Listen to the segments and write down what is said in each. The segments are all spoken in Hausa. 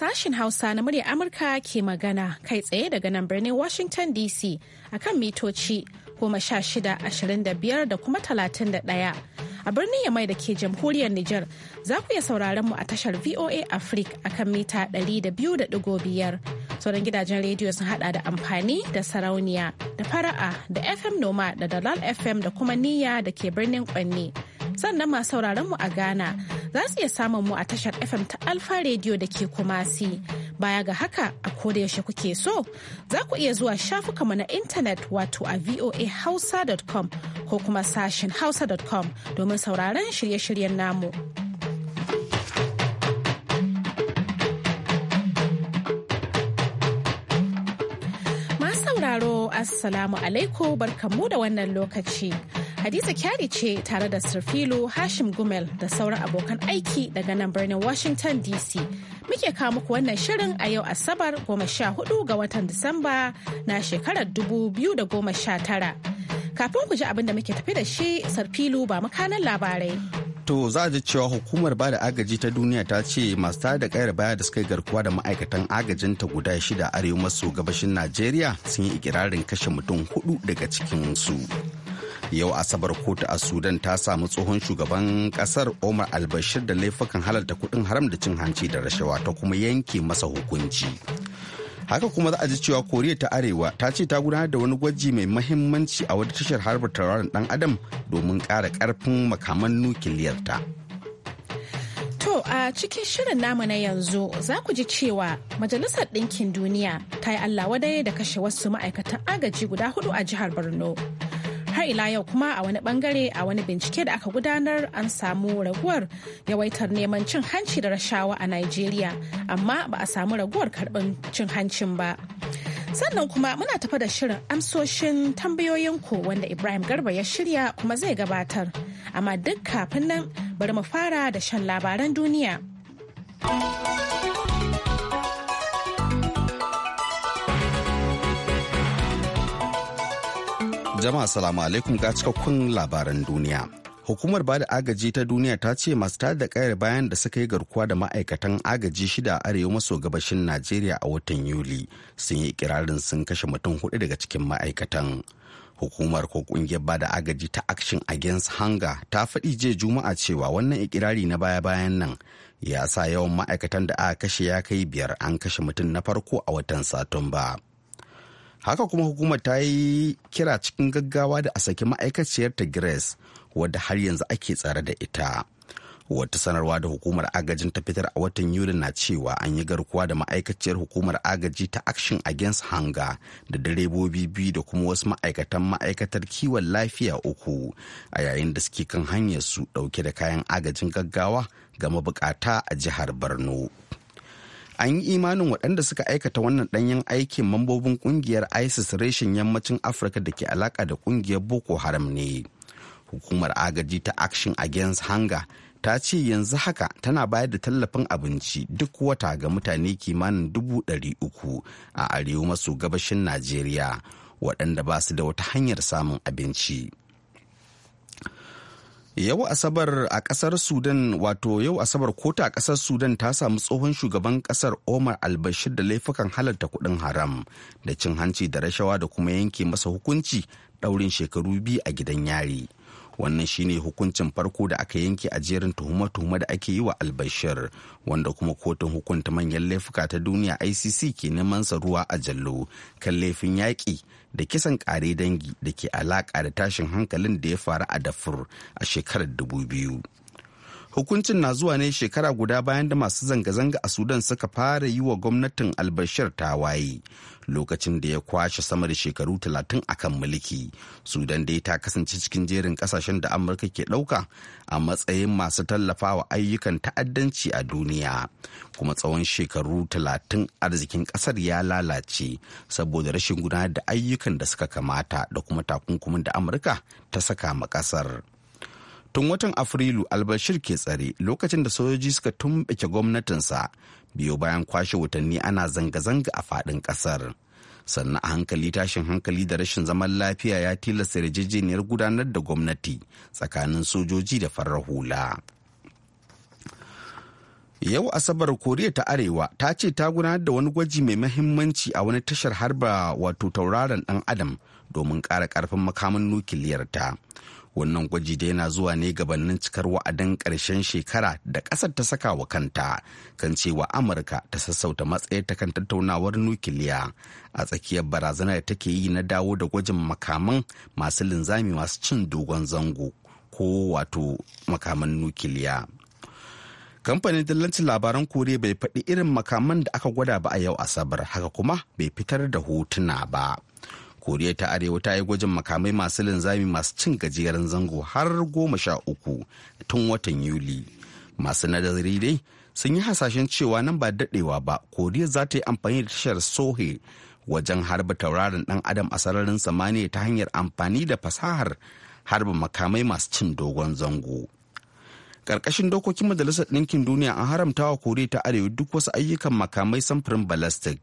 Sashen Hausa na murya Amurka ke magana kai tsaye daga nan birnin Washington DC akan mitoci goma sha shida ashirin da biyar da kuma talatin da ɗaya. A birnin Yamai da ke jamhuriyar Nijar za ku iya sauraron mu a tashar VOA Africa akan mita ɗari da biyu da ɗigo biyar. Sauran gidajen rediyo sun haɗa da amfani da sarauniya da fara'a da FM Noma da Dalal FM da kuma Niyya da ke birnin Kwanne. sannan masu sauraron mu a Ghana za su iya samun mu a tashar FM ta Alfa Radio da ke Kumasi. Baya ga haka a koda yaushe kuke so za ku iya zuwa shafukanmu na intanet wato a voahausa.com ko kuma sashin hausa.com domin sauraron shirye-shiryen namu. sauraro assalamu alaikum barkamu da wannan lokaci Hadiza Kyari ce tare da Sirfilo Hashim Gumel da sauran abokan aiki daga nan birnin Washington DC. Muke kawo muku wannan shirin a yau Asabar 14 ga watan Disamba na shekarar 2019. Kafin ku ji abin da muke tafi da shi, Sarfilu ba makanan labarai. to za ji cewa hukumar bada agaji ta duniya ta ce masu tada kayar baya da suka yi garkuwa da ma'aikatan agajin ta guda shida arewa maso gabashin najeriya sun yi ikirarin kashe mutum hudu daga cikin su. yau asabar kotu a sudan ta samu tsohon shugaban kasar omar albashir da laifukan halarta kudin haram da cin hanci da rashawa ta kuma yanke masa hukunci haka kuma za a ji cewa koriya ta arewa ta ce ta gudanar da wani gwaji mai mahimmanci a wata tashar harbar tauraron dan adam domin kara karfin makaman nukiliyarta to a cikin shirin namu na yanzu za ku ji cewa majalisar ɗinkin duniya ta yi allah wadai da kashe wasu ma'aikatan agaji guda hudu a jihar borno har ila yau kuma a wani bangare a wani bincike da aka gudanar an samu raguwar yawaitar neman cin hanci da rashawa a Najeriya amma ba a samu raguwar karɓar cin hancin ba. sannan kuma muna tafa da shirin amsoshin tambayoyinku wanda ibrahim garba ya shirya kuma zai gabatar amma duk kafin nan bari mu fara da shan labaran duniya Jama'a salamu alaikum ga cikakkun labaran duniya. Hukumar bada agaji ta duniya ta ce masu tada da kayar bayan da suka yi garkuwa da ma'aikatan agaji shida a arewa maso gabashin Najeriya a watan Yuli sun yi ikirarin sun kashe mutum hudu daga cikin ma'aikatan. Hukumar ko kungiyar bada agaji ta Action Against Hunger ta faɗi jiya Juma'a cewa wannan ikirari na baya-bayan nan ya sa yawan ma'aikatan da aka kashe ya kai biyar an kashe mutum na farko a watan Satumba. haka kuma hukumar ta yi kira cikin gaggawa da a saki ma'aikaciyar ta grace wadda har yanzu ake tsare da ita wata sanarwa da hukumar agajin ta fitar a watan yuli na cewa an yi garkuwa da ma'aikaciyar hukumar agaji ta action against hunger da direbobi biyu da kuma wasu ma'aikatan ma'aikatar kiwon lafiya uku a yayin da suke kan hanyar su dauke da kayan agajin gaggawa ga mabukata a jihar borno an yi imanin waɗanda suka aikata wannan ɗanyen aikin mambobin ƙungiyar isis reshen yammacin afirka da ke alaƙa da ƙungiyar boko haram ne hukumar agaji ta action against hunger ta ce yanzu haka tana bayar da tallafin abinci duk wata ga mutane kimanin dubu ɗari uku a arewa maso gabashin najeriya waɗanda ba su da wata hanyar samun abinci Yau Asabar a kasar Sudan wato yau Asabar kota a kasar Sudan ta samu tsohon shugaban kasar Omar albashir da laifukan halarta kudin haram da cin hanci da rashawa da kuma yanke masa hukunci daurin shekaru biyu a gidan yari. wannan shine hukuncin farko da aka yanke a jerin tuhuma tuhume da ake yi wa albashir wanda kuma kotun hukunta manyan laifuka ta duniya icc ke neman sa ruwa a jallo kan laifin yaƙi da kisan ƙare dangi da ke alaƙa da tashin hankalin da ya faru a dafur a shekarar 2000 Hukuncin na zuwa ne shekara guda bayan da masu zanga-zanga a Sudan suka fara yi wa gwamnatin albashir waye Lokacin da ya kwashe sama da shekaru talatin a kan mulki, Sudan dai ta kasance cikin jerin kasashen da Amurka ke ɗauka a matsayin masu tallafawa ayyukan ta'addanci a duniya. Kuma tsawon shekaru talatin arzikin kasar ya lalace saboda rashin gudanar da ayyukan da suka kamata da kuma takunkumin da Amurka ta saka ma kasar. tun watan afrilu albashir ke tsare lokacin da sojoji suka tumbake gwamnatinsa biyo bayan kwashe watanni ana zanga-zanga a faɗin ƙasar sannan a hankali tashin hankali da rashin zaman lafiya ya tilasta yarjejeniyar gudanar da gwamnati tsakanin sojoji da farar hula yau asabar koriya ta arewa ta ce ta gudanar da wani gwaji mai mahimmanci a wani tashar harba wato tauraron dan adam domin ƙara ƙarfin makamin nukiliyarta. wannan gwaji da yana zuwa ne gabanin cikar wa'adin ƙarshen shekara da ƙasar ta saka wa kanta kan cewa amurka ta sassauta matsayar ta kan tattaunawar nukiliya a tsakiyar barazanar da take yi na dawo da gwajin makaman masu linzami masu cin dogon zango ko wato makaman nukiliya kamfanin dillancin labaran kore bai faɗi irin makaman da aka gwada ba a yau asabar haka kuma bai fitar da hotuna ba koriya ta arewa ta yi gwajin makamai masu linzami masu cin gajeren zango har goma sha uku tun watan yuli masu nazari dai sun yi hasashen cewa nan ba daɗewa ba koriya za ta yi amfani da tashar sohe wajen harba tauraron ɗan adam a sararin samaniya ta hanyar amfani da fasahar harba makamai masu cin dogon zango ƙarƙashin dokokin majalisar ɗinkin duniya an haramta wa koriya ta arewa duk wasu ayyukan makamai samfurin balastik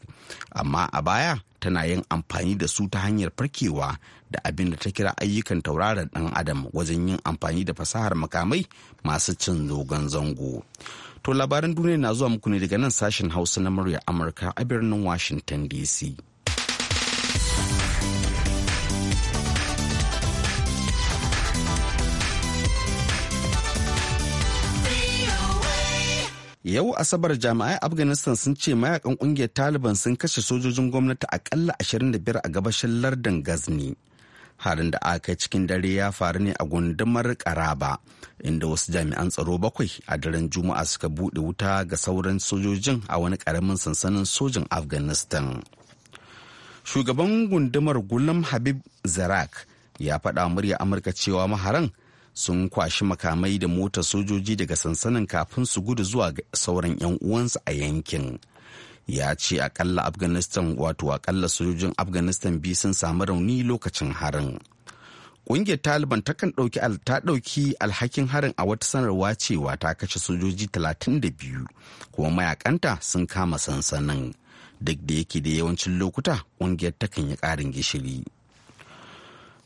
amma a baya tana yin amfani da su ta hanyar farkewa da abin da ta kira ayyukan tauraron dan adam wajen yin amfani da fasahar makamai masu cin zogon zango to labaran duniya na zuwa muku ne daga nan sashen hausa na murya amurka a birnin washington dc Yau Asabar jami'ai Afghanistan sun ce mayakan kungiyar Taliban sun kashe sojojin gwamnati akalla 25 a gabashin lardin Ghazni. Harin da aka cikin dare ya faru ne a gundumar Karaba, inda wasu jami'an tsaro bakwai a daren Juma'a suka buɗe wuta ga sauran sojojin a wani karamin sansanin sojin Afghanistan. Shugaban gundumar Gulam Habib Zarak ya faɗa murya Amurka cewa maharan sun kwashi makamai da motar sojoji daga sansanin kafin su gudu zuwa sauran 'yan uwansu a yankin ya ce akalla afghanistan wato akalla sojojin afghanistan biyu sun samu rauni lokacin harin ƙungiyar taliban takan ta ɗauki alhakin harin a wata sanarwa cewa ta kashe sojoji 32 kuma mayakanta sun kama sansanin duk da yake da yawancin lokuta ƙungiyar takan yi ƙarin gishiri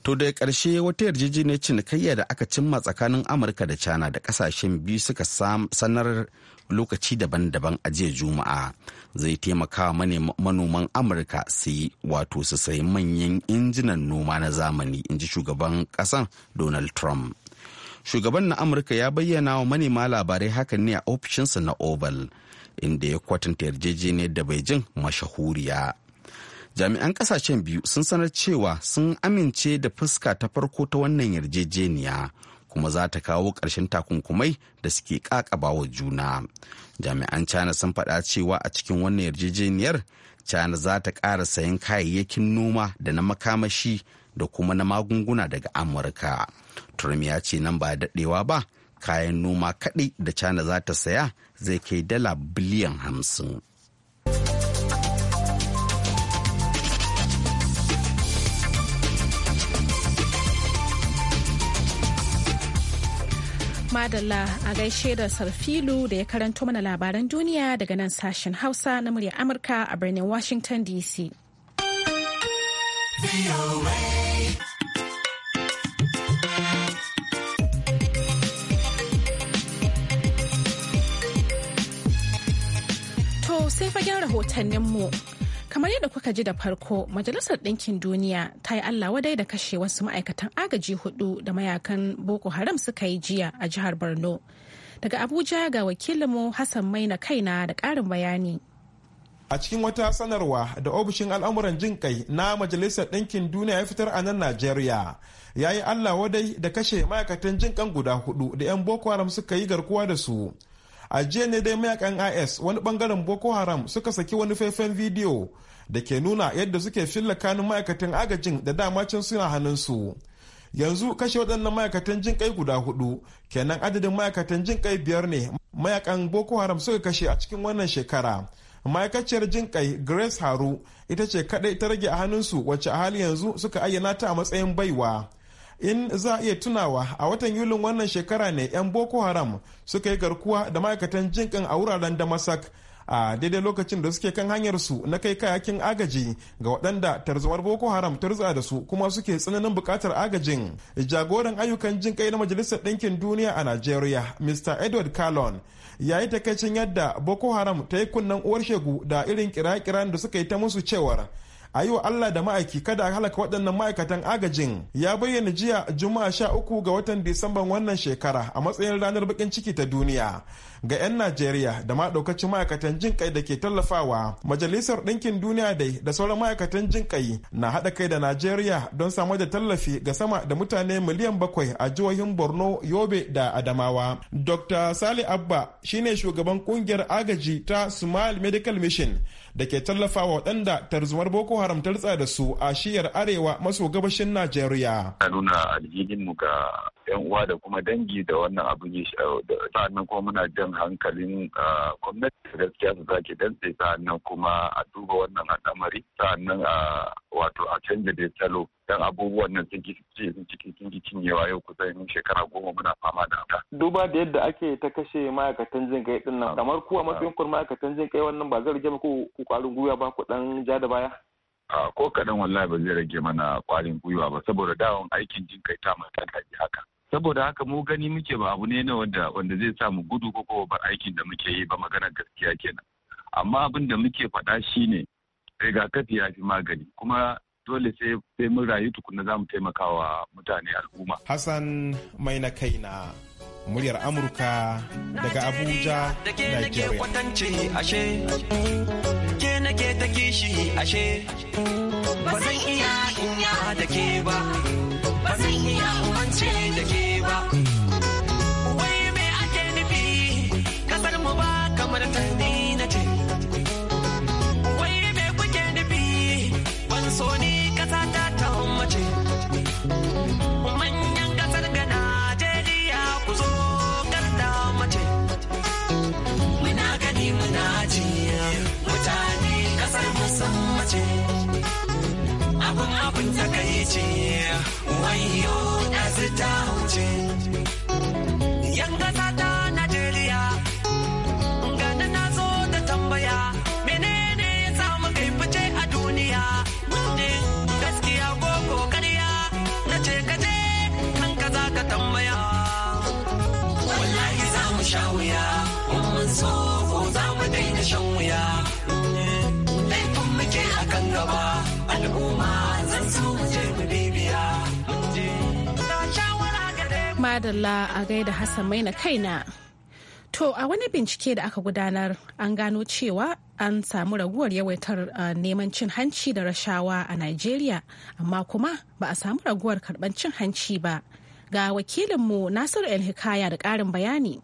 To da ƙarshe wata yarjejeniyar cinikayya da aka cimma tsakanin Amurka da China da kasashen biyu suka sanar lokaci daban-daban a jiya Juma'a zai taimaka manoman Amurka su yi wato su sayi manyan injinan noma na zamani in ji shugaban ƙasan Donald Trump. Shugaban na Amurka ya bayyana wa manema labarai hakan ne a ofishinsa na Oval inda ya kwatanta yarjejeniyar da Beijing mashahuriya. jami'an kasashen biyu sun sanar cewa sun amince da fuska ta farko ta wannan yarjejeniya kuma za ta kawo ƙarshen takunkumai da suke wa juna jami'an china sun faɗa cewa a cikin wannan yarjejeniyar china za ta ƙara sayan kayayyakin noma da na makamashi da kuma na magunguna daga amurka trump ya ce nan ba daɗewa ba kayan noma kaɗai da china za ta saya zai kai dala biliyan hamsin. Madalla a gaishe da Sarfilu da ya karanto mana labaran duniya daga nan sashen Hausa na murya Amurka a birnin Washington DC. To sai fagen rahotanninmu. mu. kamar yadda kuka ji da farko majalisar ɗinkin duniya ta yi allah wadai da kashe wasu ma'aikatan agaji hudu da mayakan boko haram suka yi jiya a jihar borno daga abuja ga wakilinmu hassan mai na kaina da ƙarin bayani a cikin wata sanarwa da ofishin al'amuran jin kai na majalisar ɗinkin duniya ya fitar a nan najeriya ya yi allah wadai da kashe ma'aikatan jin guda hudu da 'yan boko haram suka yi garkuwa da su a jiya ne dai mayakan is wani bangaren boko haram suka saki wani faifan bidiyo da ke nuna yadda suke filla kanun ma'aikatan agajin da dama can suna hannunsu yanzu kashe waɗannan ma'aikatan jin kai guda hudu kenan adadin ma'aikatan jin kai biyar ne mayakan boko haram suka kashe a cikin wannan shekara ma'aikaciyar jin kai grace haru ita ce kadai ta rage a hannunsu wacce a hali yanzu suka ayyana ta a matsayin baiwa in za a iya tunawa a watan yulin wannan shekara ne 'yan boko haram suka yi garkuwa da ma'aikatan jinkan a wuraren damasak a daidai lokacin da suke kan hanyarsu na kai kayakin agaji ga waɗanda tarzomar boko haram ta da su kuma suke tsananin buƙatar agajin jagoran ayyukan jin na majalisar ɗinkin duniya a nigeria mr edward carlon ya yi takaicin yadda boko haram ta yi kunnen uwar shegu da irin kira-kiran da suka yi ta musu cewar a yi wa Allah da ma'aiki kada a halaka waɗannan ma'aikatan agajin ya bayyana jiya juma'a sha uku ga watan disamban wannan shekara a matsayin ranar bakin ciki ta duniya ga 'yan Najeriya da ma ɗaukacin ma'aikatan jin kai da ke tallafawa majalisar ɗinkin duniya dai da sauran ma'aikatan jin kai na haɗa kai da Najeriya don samar da tallafi ga sama da mutane miliyan bakwai a jihohin Borno Yobe da Adamawa Dr. sali Abba shine shugaban kungiyar agaji ta Smile Medical Mission da ke wa waɗanda tarzumar boko haram ta da su a shiyar arewa maso gabashin najeriya a nuna alhininmu ga yan uwa da kuma dangi da wannan abu ne sa'annan kuma muna jan hankalin gwamnati da gaskiya su zaki dantse sa'annan kuma a duba wannan al'amari sa'annan a wato a canja da salo dan abubuwan nan sun ciki sun cinyewa yau kusan shekara goma muna fama da haka. Duba da yadda ake ta kashe ma'aikatan jin kai din nan kamar kuwa matsayin kun ma'aikatan jin kai wannan ba zai rage ku kwarin gwiwa ba ku dan ja da baya. ko kaɗan wallahi ba zai rage mana kwarin gwiwa ba saboda dawon aikin jin kai ta mata yi haka saboda haka mu gani muke ba abu ne na wanda wanda zai sa mu gudu ko ba aikin da muke yi ba magana gaskiya kenan amma abin da muke faɗa shine rigakafi ya fi magani kuma dole sai sai mun rayu tukunna zamu taimaka wa mutane al'umma hassan mai na kai na muryar amurka daga abuja nigeria nake ta kishi ashe ba zan iya inya da ke ba ba zan iya umance da ke ba wai me ake nufi kasar mu ba kamar ta ni na ce wai me kuke nufi ban so ni abin takaici wayo ɗazu wuce madalla a gaida Hassan mai na kaina. To a wani bincike da aka gudanar an gano cewa an samu raguwar yawaitar uh, neman cin hanci da rashawa a Najeriya amma kuma ba a samu raguwar karban cin hanci ba. Ga wakilinmu Nasiru El Hikaya da ƙarin bayani.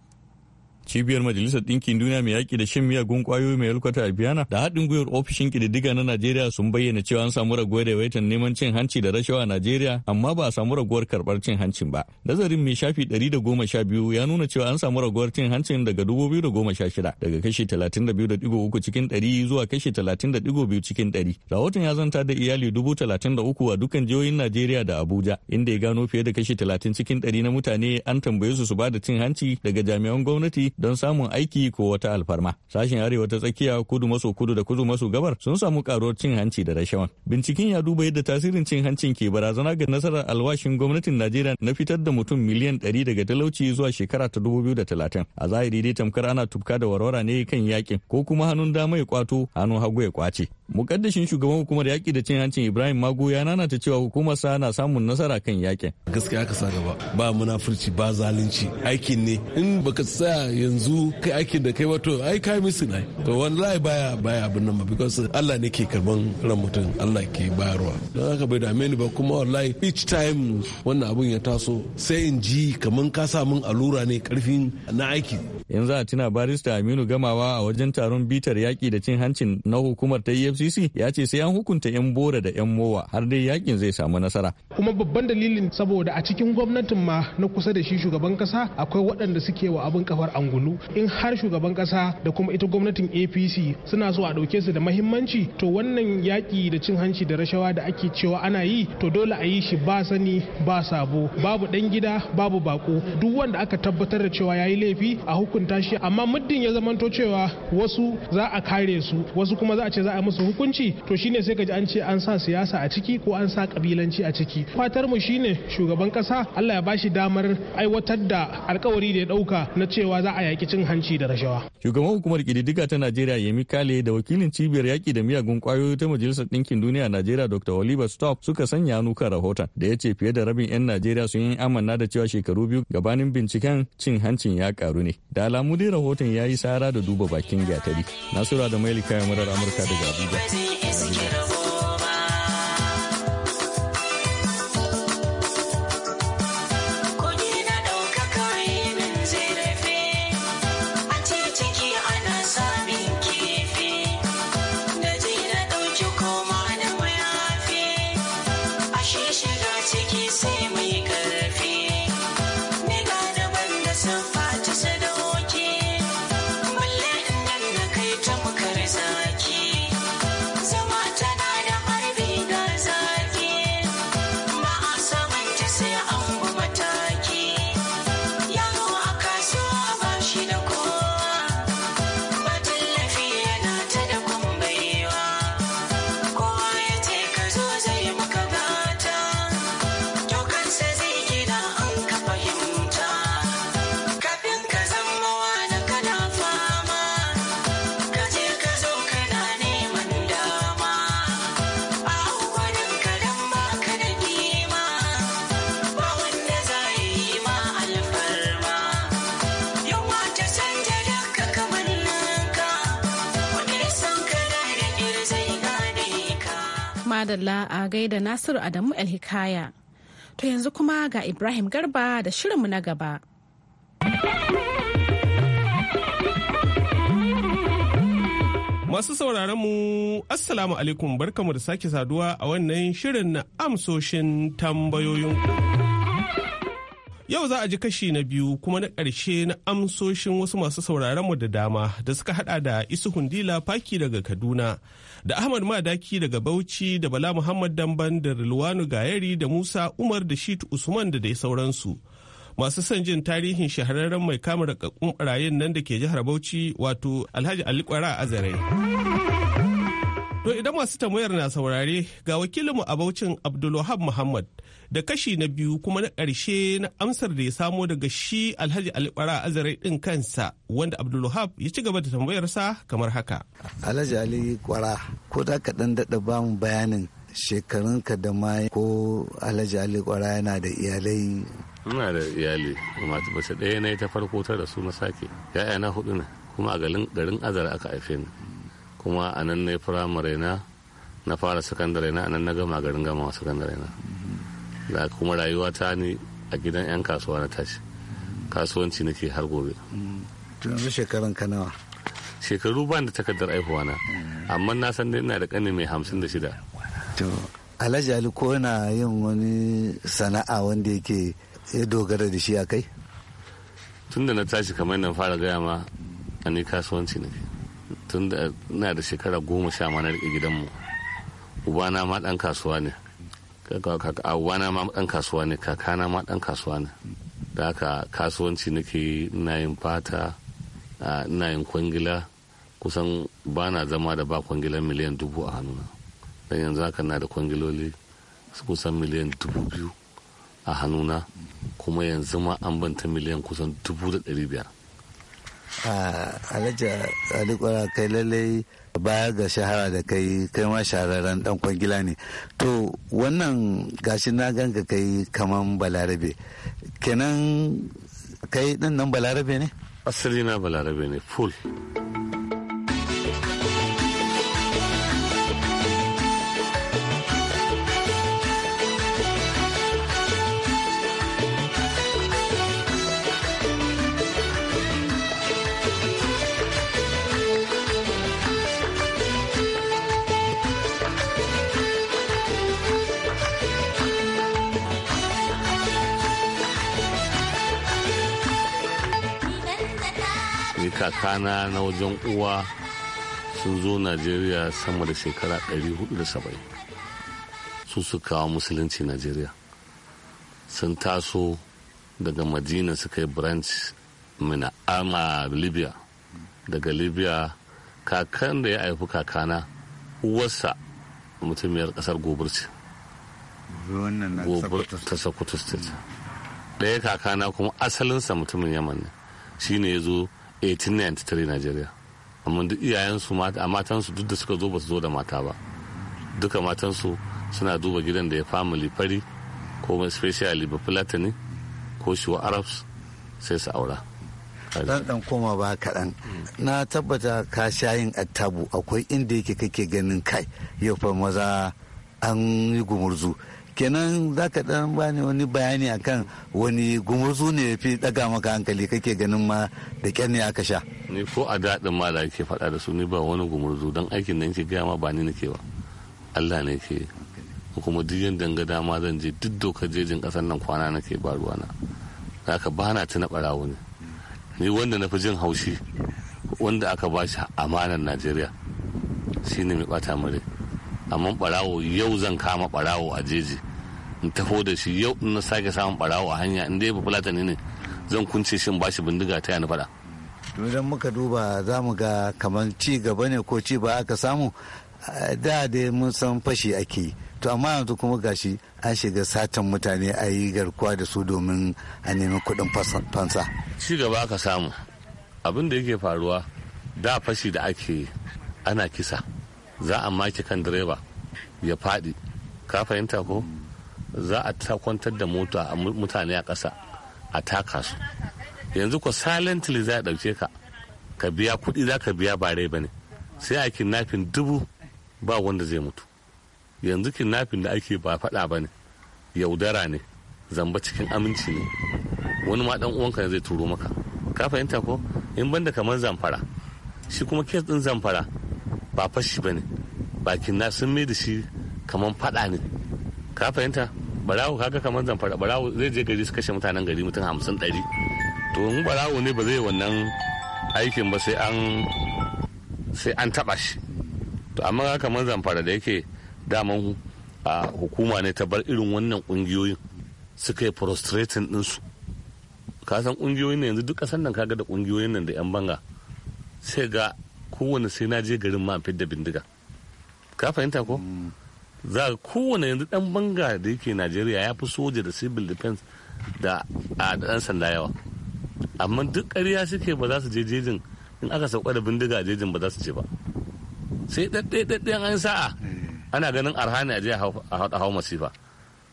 cibiyar majalisar ɗinkin duniya mai yaƙi da shan miyagun ƙwayoyi mai yalkwata a biyana da haɗin gwiwar ofishin ƙididdiga na najeriya sun bayyana cewa an samu raguwar yawaitar neman cin hanci da rashawa a najeriya amma ba a samu raguwar karɓar cin hancin ba nazarin mai shafi ɗari da goma sha biyu ya nuna cewa an samu raguwar cin hancin daga dubu biyu da goma sha shida daga kashi talatin da biyu da ɗigo uku cikin ɗari zuwa kashi talatin da ɗigo biyu cikin ɗari rahoton ya zanta da iyali dubu talatin da uku a dukkan jihohin najeriya da abuja inda ya gano fiye da kashi talatin cikin ɗari na mutane an tambaye su su ba cin hanci daga jami'an gwamnati don samun aiki ko wata alfarma. Sashen Arewa ta tsakiya kudu maso kudu da kudu maso gabar sun samu karuwar cin hanci da rashawan. Binciken ya duba yadda tasirin cin hancin ke barazana ga nasarar alwashin gwamnatin Najeriya na fitar da mutum miliyan 100 daga talauci zuwa shekara ta dubu biyu da talatin A zahiri dai tamkar ana tufka da warwara ne kan yakin ko kuma hannun dama ya kwato hannun hagu ya kwace. Mukaddashin shugaban hukumar yaƙi da cin hancin Ibrahim Mago ya nanata cewa hukumar sa na samun nasara kan yakin. Gaskiya ka sa gaba ba munafurci ba zalunci aikin ne in baka tsaya yanzu kai aikin da kai wato ai kai misu na to wallahi baya baya abin nan ba because Allah ne ke karban ran mutum Allah ke bayarwa don haka bai dame ni ba kuma wallahi each time wannan abun ya taso sai in ji kaman ka sa min allura ne karfin na aiki yanzu a tuna barista Aminu Gamawa a wajen taron bitar yaki da cin hancin na hukumar ta EFCC ya ce sai an hukunta yan bora da yan mowa har dai yakin zai samu nasara kuma babban dalilin saboda a cikin gwamnatin ma na kusa da shi shugaban kasa akwai waɗanda suke wa abin kafar ango sabulu in har shugaban kasa da kuma ita gwamnatin apc suna so a ɗauke su da mahimmanci to wannan yaƙi da cin hanci da rashawa da ake cewa ana yi to dole a yi shi ba sani ba sabo babu ɗan gida babu bako duk wanda aka tabbatar da cewa ya yi laifi a hukunta shi amma muddin ya zamanto cewa wasu za a kare su wasu kuma za a ce za a musu hukunci to shine sai ka ji an ce an sa siyasa a ciki ko an sa kabilanci a ciki fatar mu shine shugaban kasa Allah ya bashi damar aiwatar da alkawari da ya dauka na cewa za a yaƙi cin hanci da rashawa. Shugaban hukumar kididdiga ta Najeriya Yemi Kale da wakilin cibiyar yaƙi da miyagun ƙwayoyi ta Majalisar Ɗinkin Duniya a Najeriya Dr. Oliver Stop suka sanya hannu kan rahoton da ya ce fiye da rabin 'yan Najeriya sun yi amanna da cewa shekaru biyu gabanin binciken cin hancin ya karu ne. Da alamu dai rahoton ya yi sara da duba bakin gatari. Nasura da Mailika ya murar Amurka daga Abuja. madalla a gaida Nasiru Adamu Alhikaya. To yanzu kuma ga Ibrahim Garba da shirinmu na gaba. Masu sauraron mu Assalamu alaikum barkamu da sake saduwa a wannan shirin na amsoshin tambayoyinku. Yau za a ji kashi na biyu kuma na ƙarshe na amsoshin wasu masu sauraron mu da dama da suka hada da Isu Hundila Faki daga Kaduna, da Ahmad Madaki daga Bauchi, da Bala Muhammad Damban da Rilwanu Gayari da Musa Umar da Shitu Usman da dai sauransu. Masu son jin tarihin shahararren mai kama da ɓarayin nan da ke jihar Bauchi wato Alhaji Ali Kwara Azare. To idan masu tambayar na saurare ga wakilinmu a Bauchin Abdulwahab Muhammad da kashi na biyu kuma na ƙarshe na amsar da ya samo daga shi alhaji alibara azare ɗin kansa wanda abdulwahab ya ci gaba da tambayarsa kamar haka alhaji ali kwara ko da ka daɗa ba mu bayanin shekarunka da ma ko alhaji ali kwara yana da iyalai ina da iyali mata bace ɗaya na ta farko ta da su na sake ya'ya na hudu ne kuma a garin azara aka haife ni kuma a nan ne firamare na na fara sakandare na a nan na gama garin gama sakandare na da kuma rayuwa ta ne a gidan 'yan kasuwa na tashi kasuwanci nake har gobe yanzu shekaran ka nawa shekaru ban da takardar aihuwa na amma na san dai ina da kane mai hamsin da shida alhaji ali ko na yin wani sana'a wanda yake ya dogara da shi a kai tun da na tashi kamar na fara gaya ma a ni kasuwanci nake tun da na da shekara goma sha ma na riƙe gidanmu ubana ma ɗan kasuwa ne awana ma dan kasuwa ne kakana ma dan kasuwa ne da haka kasuwanci nake ina yin fata ina yin kwangila kusan ba na zama da ba kwangilan miliyan dubu a hannuna don yanzu haka na da kwangiloli kusan miliyan dubu biyu a hannuna kuma yanzu ma an banta miliyan kusan dubu da ɗari biyar alhaji alikwara kai lallai baya ga shahara da kai kai ma shahararren dan kwangila ne to wannan gashi na ganga kai kaman balarabe kenan kai din nan balarabe ne asali na balarabe ne full kakana na wajen uwa sun zo najeriya sama da shekara 470 su su kawo musulunci najeriya sun taso daga madina suka yi branch mina ama libya daga libya kakan da ya haifi kakana uwarsa mutumiyar kasar gobir ce gobir ta sakutu state ɗaya kakana kuma asalinsa mutumin yaman ne shine ya zo 1893 Najeriya amma duk iyayensu a matansu duk da suka zo ba su zo da mata ba duka matansu suna duba gidan da ya family fari ko especially ba platini ko shiwa arabs sai su aura dan dan koma ba kaɗan na tabbata ka sha yin attabu akwai inda yake kake ganin kai yau fa maza an yi gumurzu kenan za ka dan bani wani bayani akan wani gumurzu ne ya fi daga maka hankali kake ganin ma da kyan ne aka sha ni ko a daɗin ma da ake faɗa da su ni ba wani gumurzu don aikin da yake gaya ma ba ni nake ba Allah ne ke kuma duk yin danga dama zan je duk dokar jejin ƙasar nan kwana nake ba ruwana ka ba na tuna ɓarawo ne ni wanda na fi jin haushi wanda aka ba shi amanar najeriya shine mai ɓata mare amma ɓarawo yau zan kama barawo a jeji in taho da shi yau na sake samun barawa a hanya in dai ba fulatani ne zan kunce shi ba shi bindiga ta yana fada. idan muka duba za mu ga kamar ci gaba ne ko ci ba aka samu eh, da dai mun san fashi ake yi to amma yanzu kuma gashi an shiga satan mutane a yi garkuwa da su domin a nemi kuɗin fansa. ci gaba aka samu abin da yake faruwa da fashi da ake ana kisa za a maki kan direba ya faɗi ka fahimta ko za a kwantar da mota a mutane a ƙasa a taka su yanzu ko silently za a ɗauke ka ka biya kuɗi za ka biya ba rai bane sai a kidnapping dubu ba wanda zai mutu yanzu kidnapping da ake ba faɗa ba ne yaudara ne zamba cikin aminci ne wani ma ɗan uwanka zai turo maka ka fahimta ko in banda kamar zamfara shi kuma kes ɗin zamfara ba fashi ba ne bakin na sun mai da shi kamar faɗa ne ka fahimta barawo kaga kamar zamfara barawo zai je gari su kashe mutanen gari mutum hamsin ɗari to in barawo ne ba zai wannan aikin ba sai an sai an taɓa shi to amma kamar zamfara da yake daman a hukuma ne ta bar irin wannan ƙungiyoyin suka yi prostrating ɗinsu ka san ƙungiyoyin yanzu duk ƙasar nan kaga da ƙungiyoyin nan da 'yan banga sai ga kowane sai na je garin ma fidda bindiga ka fahimta ko mm. za ga kowane yanzu dan banga da yake najeriya ya fi soja da civil defense da a dan sanda yawa amma duk ƙarya suke ba za su je jejin in aka sauka da bindiga jejin ba za su je ba sai ɗaɗɗaɗɗen an sa'a ana ganin arhani a je a hau masifa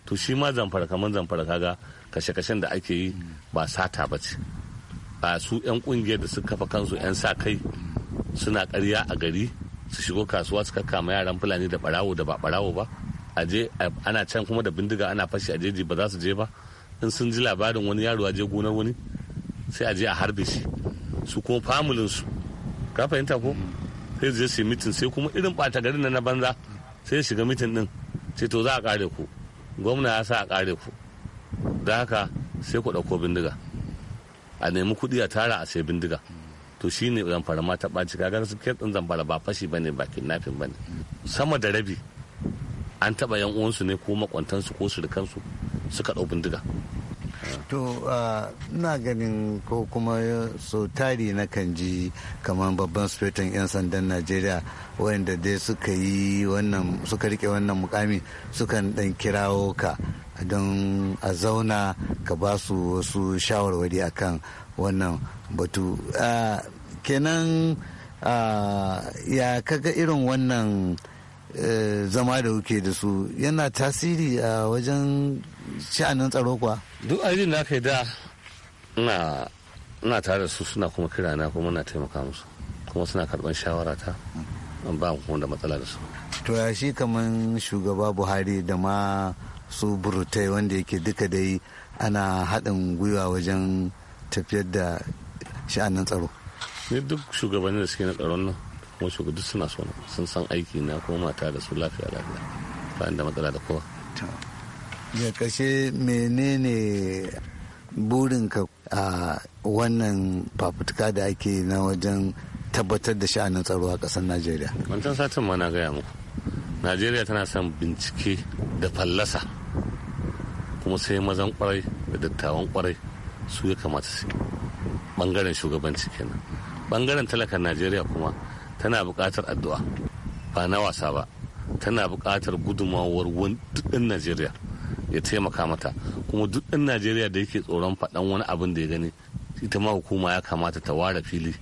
to shi ma zamfara kamar zamfara kaga kashe-kashen da ake yi ba sata ba ce ba su 'yan kungiyar da suka kafa kansu 'yan sa kai suna karya a gari su shigo kasuwa su ma yaran fulani da barawo da ba barawo ba aje ana can kuma da bindiga ana fashi a jeji ba za su je ba in sun ji labarin wani yaro a je gonar wani sai a je a harbe shi su kuma familin su ka fahimta ko sai je su mitin sai kuma irin bata garin na banza sai shiga mitin din sai to za a kare ku gwamna ya sa a kare ku da haka sai ku ɗauko bindiga a nemi kuɗi a tara a sai bindiga to shi ne zamfara ma ta ɓaci kaga su ke ɗin zamfara ba fashi bane ba ba bane sama da rabi an taɓa yan uwansu ne ko makwantansu ko surukansu suka ɗau bindiga to ina ganin ko kuma so tari na kan ji kamar babban sufetan 'yan sandan najeriya wanda dai suka yi wannan suka rike wannan mukami sukan dan kirawo ka don a zauna ka ba su wasu shawarwari akan wannan batu kenan ya kaga irin wannan eh, zama da kuke da su yana tasiri a wajen sha'anin tsaro kuwa duk ajin da aka yi da ina tare da su suna kuma kira na kuma na taimaka musu kuma suna karban shawara ta ba mu kuma da matsala da su to ya shi kaman shugaba buhari da ma su burutai wanda yake duka dai ana haɗin gwiwa wajen tafiyar da sha'anin tsaro ne duk shugabannin da suke na tsaron nan kuma shugabannin suna so sun san aiki na kuma mata da su lafiya lafiya ba da matsala da kowa ya kashe menene burinka a wannan fafutuka da ake na wajen tabbatar da sha'anin tsaro a ƙasar najeriya wancan satin ma na gaya muku najeriya tana son bincike da fallasa kuma sai mazan kwarai da dattawan kwarai su ya kamata su bangaren shugabanci kenan bangaren talakan najeriya kuma tana bukatar addu'a ba na wasa ba tana bukatar gudunmawar wani najeriya ya taimaka mata kuma duk ɗan najeriya da yake tsoron faɗan wani abin da ya gani ita ma hukuma ya kamata ta ware fili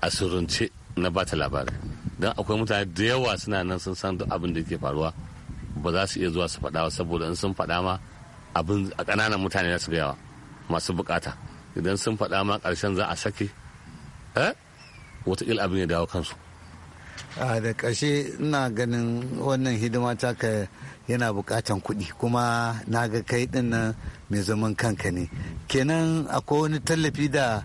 a surunce na bata ta labarai don akwai mutane da yawa suna nan sun san duk abin da yake faruwa ba za su iya zuwa su faɗa saboda in sun faɗa ma abin a ƙananan mutane su yawa masu bukata idan sun faɗa ma ƙarshen za a sake eh abin ya dawo kansu a da ƙarshe ina ganin wannan hidima taka yana buƙatan kuɗi kuma na ga kai ɗin mai zaman kanka ne kenan akwai wani tallafi da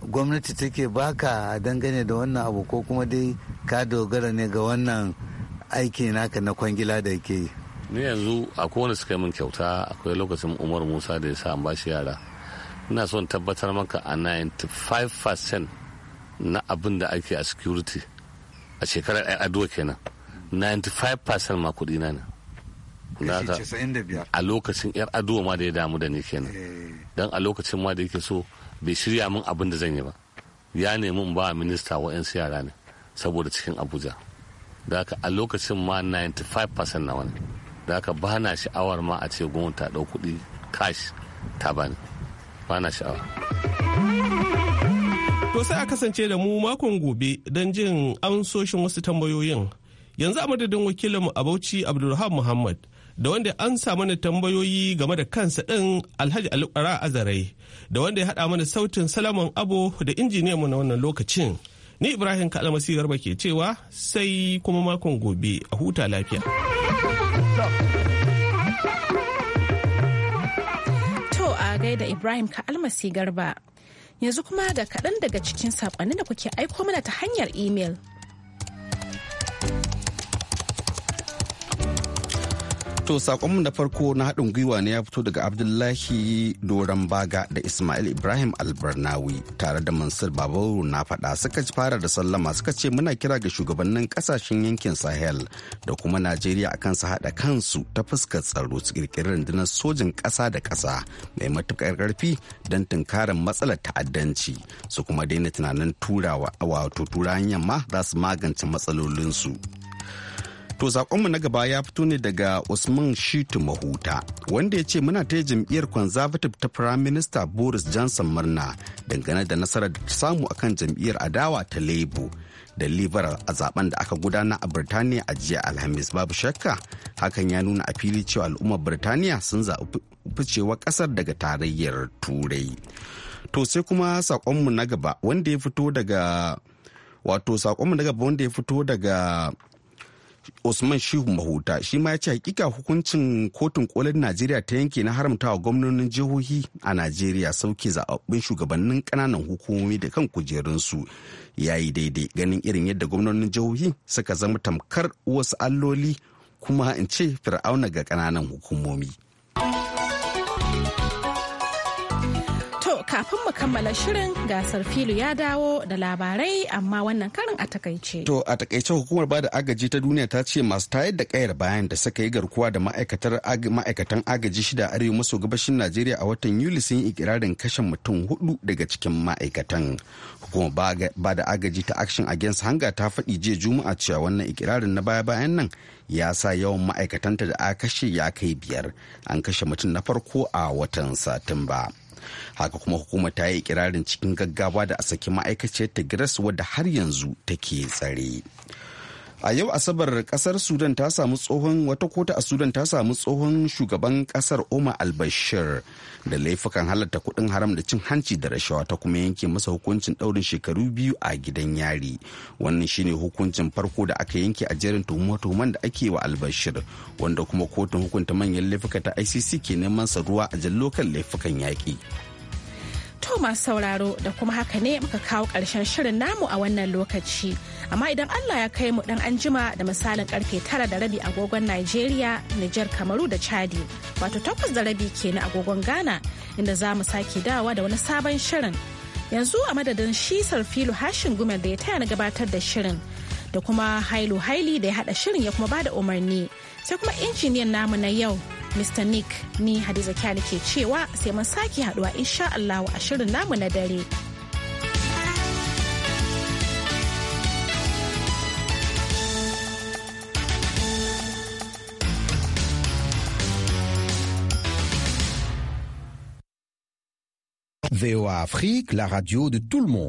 gwamnati take baka a dangane da wannan abu ko kuma dai ka dogara ne ga wannan aiki naka na kwangila da yake yi ni yanzu akwai wani suka min kyauta akwai lokacin umar musa da ya sa an bashi yara ina son tabbatar maka a 95% na abin da ake a security a shekarar ai aduwa kenan 95% ma kuɗi na ne a lokacin yar aduwa ma da ya damu da ni kenan eh. don a lokacin ma da yake so bai shirya min abin da zan yi ba ya nemi ba ba minista yan yara ne saboda cikin abuja da a lokacin ma 95% na wani da haka ba na sha'awar ma a ce gwamnati ta ɗau kuɗi cash ta bani ba na sha'awar To sai a kasance da mu makon gobe don jin amsoshin wasu tambayoyin. Yanzu a madadin wakilin a Bauchi Abdulrahman Muhammad da wanda an samu mana tambayoyi game da kansa ɗin Alhaji Alƙara Azarai da wanda ya haɗa mana sautin Salaman abu da injiniyanmu na wannan lokacin. Ni Ibrahim Kalmasi Garba ke cewa sai kuma makon gobe a huta lafiya. To a gaida Ibrahim Kalmasi Garba. Yanzu kuma da kaɗan daga cikin saƙonni da kuke aiko mana ta hanyar imel. To sakonmu na farko na haɗin gwiwa ne ya fito daga Abdullahi doron Baga da Ismail Ibrahim Albarnawi tare da Mansur Babaru na faɗa suka fara da sallama suka ce muna kira ga shugabannin ƙasashen yankin Sahel da kuma Najeriya akan su haɗa kansu ta fuskar tsaro su ƙirƙiri rundunar sojin ƙasa da ƙasa mai matuƙar ƙarfi don tunkarar matsalar ta'addanci su kuma daina tunanin turawa wato turawan yamma za su magance matsalolinsu. To saƙonmu na gaba ya fito ne daga Usman Shitu Mahuta wanda ya ce muna taya jam'iyyar Conservative ta Prime Minister Boris Johnson murna dangane da nasarar da ta samu akan jam'iyyar adawa ta Labour da Liberal a zaben da aka gudana a Birtaniya a jiya Alhamis babu shakka hakan ya nuna a fili cewa al'ummar Birtaniya sun zaɓi ficewar ƙasar daga tarayyar Turai. To sai kuma sakonmu na gaba wanda ya fito daga wato sakonmu na gaba wanda ya fito daga Usman Shehu Mahuta shi ma ya ce hakika hukuncin kotun kolin Najeriya ta yanke na haramtawa gwamnonin jihohi a Najeriya sauke zaɓaɓɓun shugabannin ƙananan hukumomi da kan kujerunsu ya yi daidai ganin irin yadda gwamnonin jihohi suka zama tamkar wasu alloli kuma in ce fir'auna ga ƙananan hukumomi. kafin mu kammala shirin gasar filu ya dawo da labarai amma wannan karin a takaice. To a takaice hukumar ba da agaji ta duniya ta ce masu tayar da kayar bayan da suka yi garkuwa da ma'aikatan agaji shida arewa maso gabashin Najeriya a watan Yuli sun yi ikirarin kashe mutum hudu daga cikin ma'aikatan. Hukumar ba da agaji ta Action Against Hunger ta faɗi jiya Juma'a cewa wannan ikirarin na baya-bayan nan ya sa yawan ma'aikatanta da aka kashe ya kai biyar. An kashe mutum na farko a watan Satumba. haka kuma hukumar ta yi ikirarin cikin gaggawa da a saki ma'aikaciyar tigres wadda har yanzu take tsare a yau asabar kasar sudan ta samu tsohon wata kota a sudan ta samu tsohon shugaban kasar omar al da laifukan halarta kudin haram da cin hanci da rashawa ta kuma yanke masa hukuncin daurin shekaru biyu a gidan yari wannan shine hukuncin farko da aka yanke a jerin tuhume-tuhumen da ake wa al wanda kuma kotun hukunta manyan laifuka ta icc ke neman sa ruwa a jan lokal laifukan yaƙi. To masu sauraro da kuma haka ne muka kawo ƙarshen shirin namu a wannan lokaci. Amma idan Allah ya kai mu ɗan anjima da misalin karfe tara da rabi agogon Najeriya, Nijar, Kamaru da Chadi. Wato takwas da rabi ke na agogon Ghana inda za mu sake dawa da wani sabon shirin. Yanzu a madadin shi Sarfilu Hashin Gumel da ya taya na gabatar da shirin da kuma Hailu Haili da ya haɗa shirin ya kuma bada umarni. Sai kuma injiniyan namu na yau Mr. Nick ni Hadiza Kyali ke cewa sai mun sake haduwa insha Allah a na VOA Afrique, la radio de tout le monde.